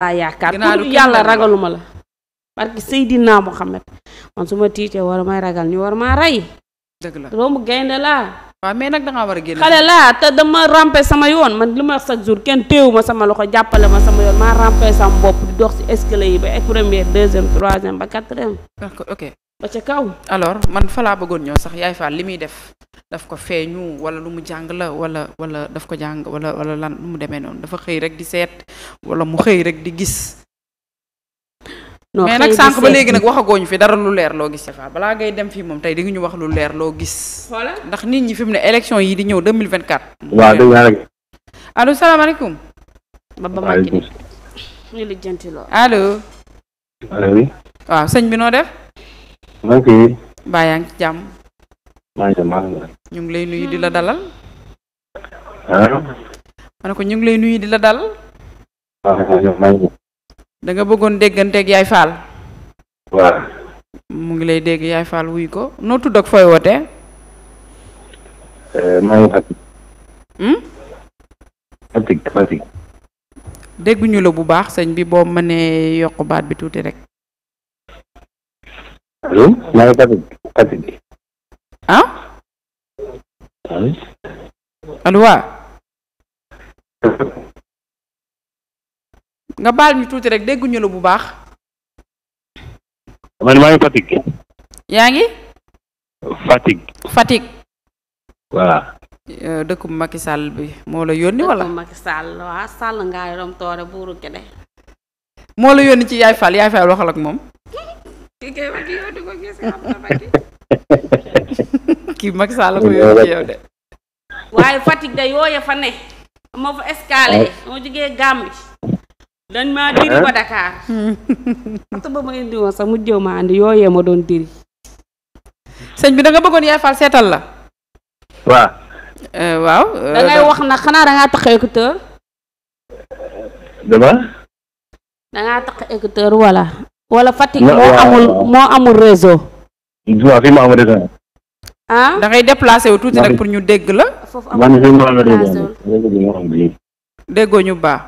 laa yaakaar pour yàlla ragaluma la parce que Seydina Mohamed man su ma tiitee war may ragal ñu war maa rey dëgg la romb gaynde laa waaw mais nag da nga war a génn xale laa te dama rampe sama yoon man lu ma wax chaque jour kenn téewu ma sama loxo jàppale ma sama yoon maa rampe sama bopp di dox ci escalier yi ba première deuxième troisième ba quatrième ba ca kaw. alors man fa laa bëggoon ñëw sax yaay faal li muy def daf ko feeñu wala lu mu jàng la wala wala daf ko jàng wala wala lan lu mu demee noonu dafa xëy rek di seet wala mu xëy rek di gis. mais nag sànq ba léegi nag waxagoo ñu fi dara lu leer loo gis. balaa ngay dem fii moom tey di ñu wax lu leer loo gis. ndax nit ñi fi mu ne élection yi di ñëw de waaw dëgg la rek. allo salaamaaleykum. ba ba màcc ni ñu lijjanti loo. waaw sëñ bi noo def. maa ngi ngi ñu ngi lay nuyu di la dalal. mane ko ñu ngi lay nuyu di la dalal. Ah, danga bëggoon dégganteeg yaay Fall. waaw. mu ngi lay dégg yaay Fall wuy ko noo tudd ak fooy wootee. Eh, maa ngi hmm? Fatick. Fatick dégguñu la bu baax sëñ bi boo mënee yokku baat bi tuuti rek. allo euh, nga baal ñu tuuti rek dégguñu la bu baax. man maa ngi Fatick. yaa ngi. Fatick. Fatick. voilà. Euh, dëkkum Macky Sall bi moo la yónni wala. dëkkum Macky Sall waa Sall moo la yónni ci Yaay Fall Yaay Fall waxal ak moom. ki kay wax yow di ko gis xam nga Macky kii Macky ko yow ci de waaye Fatick de yooya fa ne moo fa escalé moo jógee Gambie dañ maa diri ba Dakar waxtu ba ma indi woon sax ma andi yooyee ma doon diri sëñ bi da nga bëggoon yaay fal seetal la waaw waaw da wax nag xanaa da ngaa tax dama da ngaa tax walla wala Fatick moo amul moo amul réseau. waaw ah? déplacé wu tuuti rek pour ñu dégg la. foofu amul réseau déggoo ñu baax.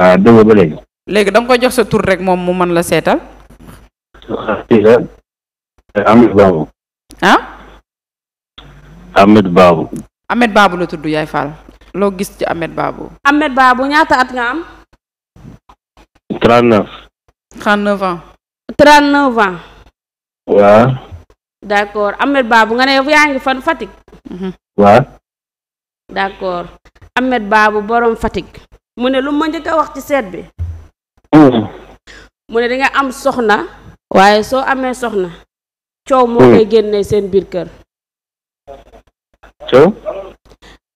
ah déggoo ba léegi. léegi koy jox sa tur rek moom mu man la seetal. Ah, eh, Ahmed Babou. ah. Ahmed la tudd Yaay Fall. loo gis ci Ahmed Babou. Ahmed Babou ñaata at nga am. 39. 39 ans. 39 ans. waaw. accord Ahmed nga ne yaa ngi fan Fatick. Mhm. waaw. d' accord Ahmed Babou borom mu ne lu ma njëkk a wax ci seet bi. Hmm. mu ne dinga am soxna. Hmm. waaye soo amee soxna. coow moo hmm. koy génnee seen biir kër. coow.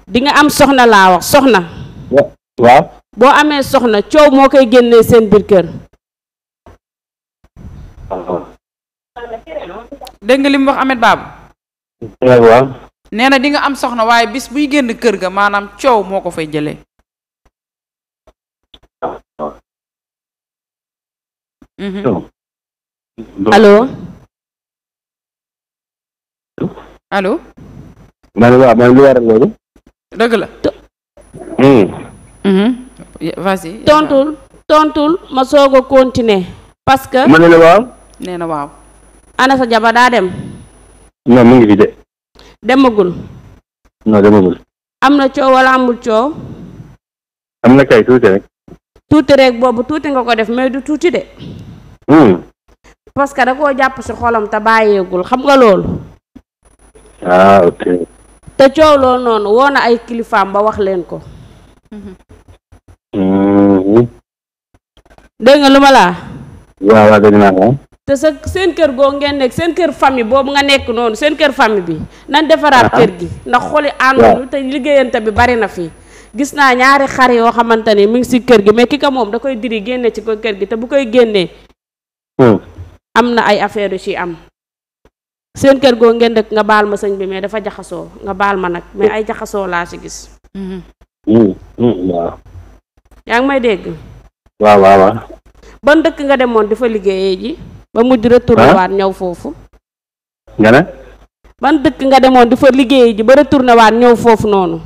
di nga am soxna laa wax soxna. waaw. boo amee soxna coow moo koy génnee seen biir kër. dégg nga li mu wax Ahmed Babou. waaw. na di nga am soxna waaye bis buy génn kër ga maanaam coow moo ko fay jëlee. Mhm. allo. allo. man waaw man lu hmm. mhm. tontul ma soog a continuer parce que. ma ne la waaw. nee na waaw. ana sa jabar daa dem. non mu ngi fi de. demagul. non demagul. am na coow wala amul coow. am na kay tuuti rek. tuuti rek boobu tuuti nga ko def mais du tuuti de. Hmm. parce que da koo jàpp ci xolam te bàyyeegul xam nga loolu. ah ok. te coow loolu noonu woo ay kilifaam ba wax leen ko. Mhm. Hmm. dégg nga lu ma laa. waaw waaw dégg naa ko. te sa seen kër goo ngeen nekk seen kër famille boobu nga nekk noonu seen kër famille bi nañ defaraat kër gi ndax xoli àndoonu te liggéeyante bi bari na fii gis naa ñaari xar yoo xamante ni mi ngi si kër gi mais ki ko moom da koy diri génne ci ko kër gi te bu koy génnee hmm. am na ay affaire yu ci am seen kër goo ngeen dëkk nga baal ma sëñ bi mais dafa jaxasoo nga baal ma nag mais ay jaxasoo laa ci gis mm-hmm. hmm, hmm, yaa ngi may dégg waaw waaw nga demoon di fa liggéeyee ji ba mujj retourné waat ñëw foofu. nga ne. ban dëkk nga demoon di fa liggéey ji ba retourné waat ñëw foofu noonu.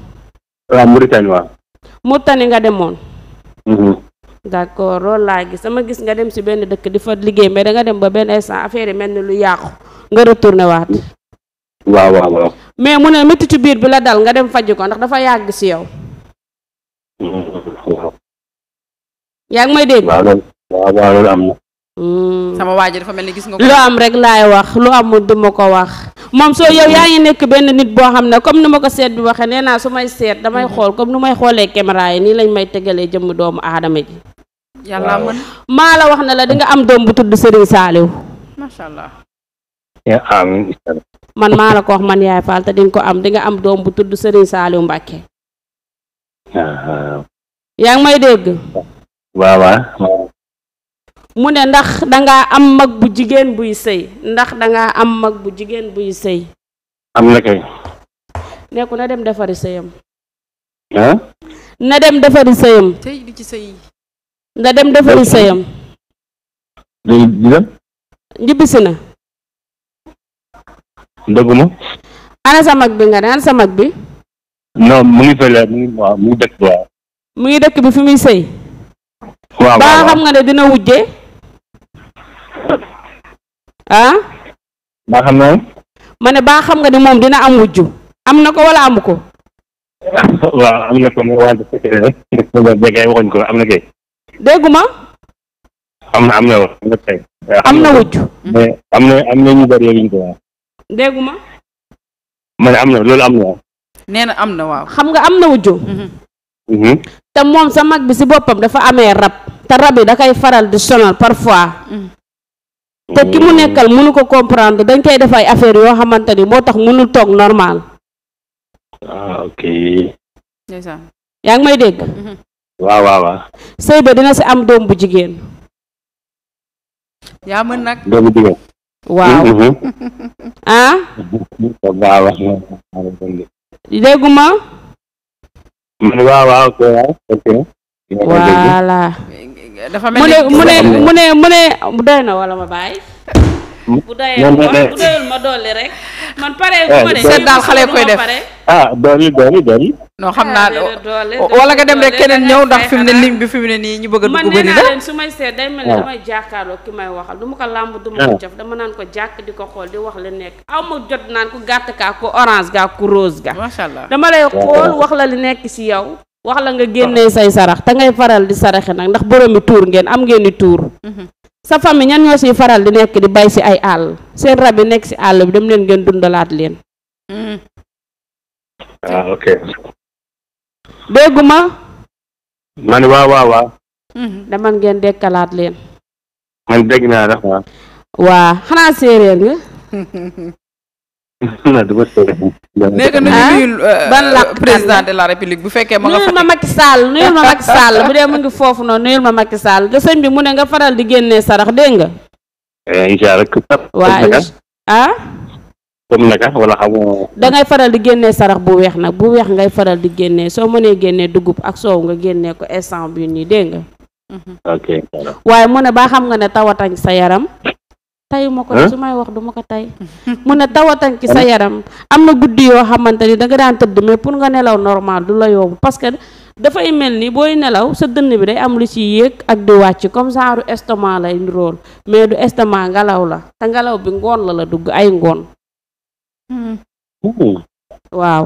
waaw Mauritanie waaw. Mauritanie nga demoon. Mhm. d' accord loolu laa gis sama gis nga dem si benn dëkk di fa liggéey mais da nga dem ba benn instant affaire yi mel ni lu yàqu nga retourné waat. waaw waaw waaw. mais mu ne métti ci biir bi la dal nga dem faj ko ndax dafa yàgg si yow. Mhm. yaa ngi may dégg. waaw loolu waaw waaw loolu am na. Hmm. sama waa ji dafa mel gis nga ko. lu am rek laay wax lu amul du ma ko wax. moom soo yow yaa ngi nekk benn nit boo xam ne comme ni ma ko seet bi waxee nee naa su may seet damay hmm. xool comme ni may xoolee caméra yi nii lañ may tegalee jëmm doomu aadama ji. maa la wax ne la di am doom bu tudd Serigne Saliou. macha allah. man maa la ko wax man yaay Fall te di ko am dinga am doom bu tudd Serigne Saliou Mbacke. yaa ngi may dégg. waaw mu ne ndax dangaa am mag bu jigéen buy sëy ndax dangaa am mag bu jigéen buy sëy am na kay nekku na dem defari sëyam na dem defari sëyam na dem defari sëyam ñibbisi na dëgguma ana sa mag bi nga ne ana sa mag bi non mu ngi fële mu ngi waaw dëkk bi fi muy sëy ba xam nga ne dina wujje ah. baa xam naa. ma ne baa xam nga ni moom dina am wujju am na ko wala amu ko. waaw am na ko mais wante waxuñ ko am na kay. dégguma. am na am na wax am na kay. am wujju. mais am na am na ñu ko waaw. dégguma. ne am na loolu am na na am na xam nga am na wujju. Mm-hmm. Mm-hmm. te moom sa mag bi si boppam dafa amee rab te rab da koy faral di sonal parfois. Mm-hmm. te ki mu oh. nekkal mënu ko comprendre dañ koy def ay affaire yoo xamante ni moo tax mënul toog normal. Ah, yaa ngi may dégg. Mhm. waaw waaw waaw. ba dina si am doom bu jigéen. nag. doom waaw. Mhm. ah. waaw waaw. déggu ma. waaw waaw ok. dafa mel ni mu ne mu ne mu ne mu doy na wala ma bàyyi. bu doyee bu doyul ma dolli rek. man pare ah, bu ma de seet daal xale koy def ah dolli dolli dolli. non ah, nga dem rek keneen ñëw ndax mu ne ligne fi mu ne nii ñu bëgg a dugg bëri man nee naa su may seet day mel ni ah. damay jàkkaarloo ki may waxal du ma ko làmb du ma ko jëf dama naan ko jàkk di ko xool di wax li nekk aw ma jot naan ku gàtt gaa ku orange gaa ku rose gaa. macha dama lay xool wax la li nekk si yow. wax la nga ah. génnee say sarax te ngay faral di saraxe nag ndax boroomi tuur ngeen am ngeen di tuur mhm. sa famille ñan ñoo siy faral di nekk di bay si ay àll seen rab yi nekk si àll bi dem leen ngeen dundalaat leen waaw mhm. ah, ok dégguma man waaw waaw waaw mhm. daman ngeen dekkalaat leen man dégg naa dax waa waa xanaa séeréer nga léegi nu ñu euh, ah? la république bu fekkee ma nga nuyul ma Macky Sall nuyul ma Macky Sall bu dee foofu noonu nuyul ma Macky Sall nga sëñ bi mu ne nga faral di génnee sarax dégg nga eh, ah. Ah? wala xamu da ngay di génnee sarax bu weex nag bu weex ngay faral di génnee soo mënee génnee dugub ak soow nga génnee ko instant bi nii dégg mhm. waaye mu ne baa xam nga ne tawatañ sa yaram tayuma ko su may wax du ma ko tay mu ne tawatan ci sa yaram am na guddi yoo xamante ni da nga daan tëdd mais pour nga nelaw normal du la yomb parce que dafay mel ni booy nelaw sa dënn bi day am lu ci yéeg ak di wàcc comme genre estomac lay nirool mais du estomac ngelaw la te ngelaw bi ngoon la la dugg ay ngoon hmm. waaw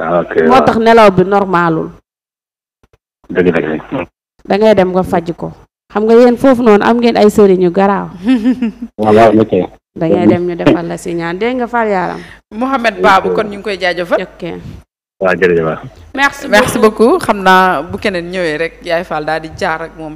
ah, moo tax nelaw bi normalul hmm. da dem nga faj ko xam nga yéen foofu noonu am ngeen ay sëriñu garaaw. waaw da ngay dem ñu defal la si ñaan dégg nga fal yaaram. Mouhamed Babou kon ñu ngi koy jaajëfal. ok. waaw jërëjëf merci beaucoup merci beaucoup xam naa bu keneen ñëwee rek yaay Fall daal di jaar ak moom.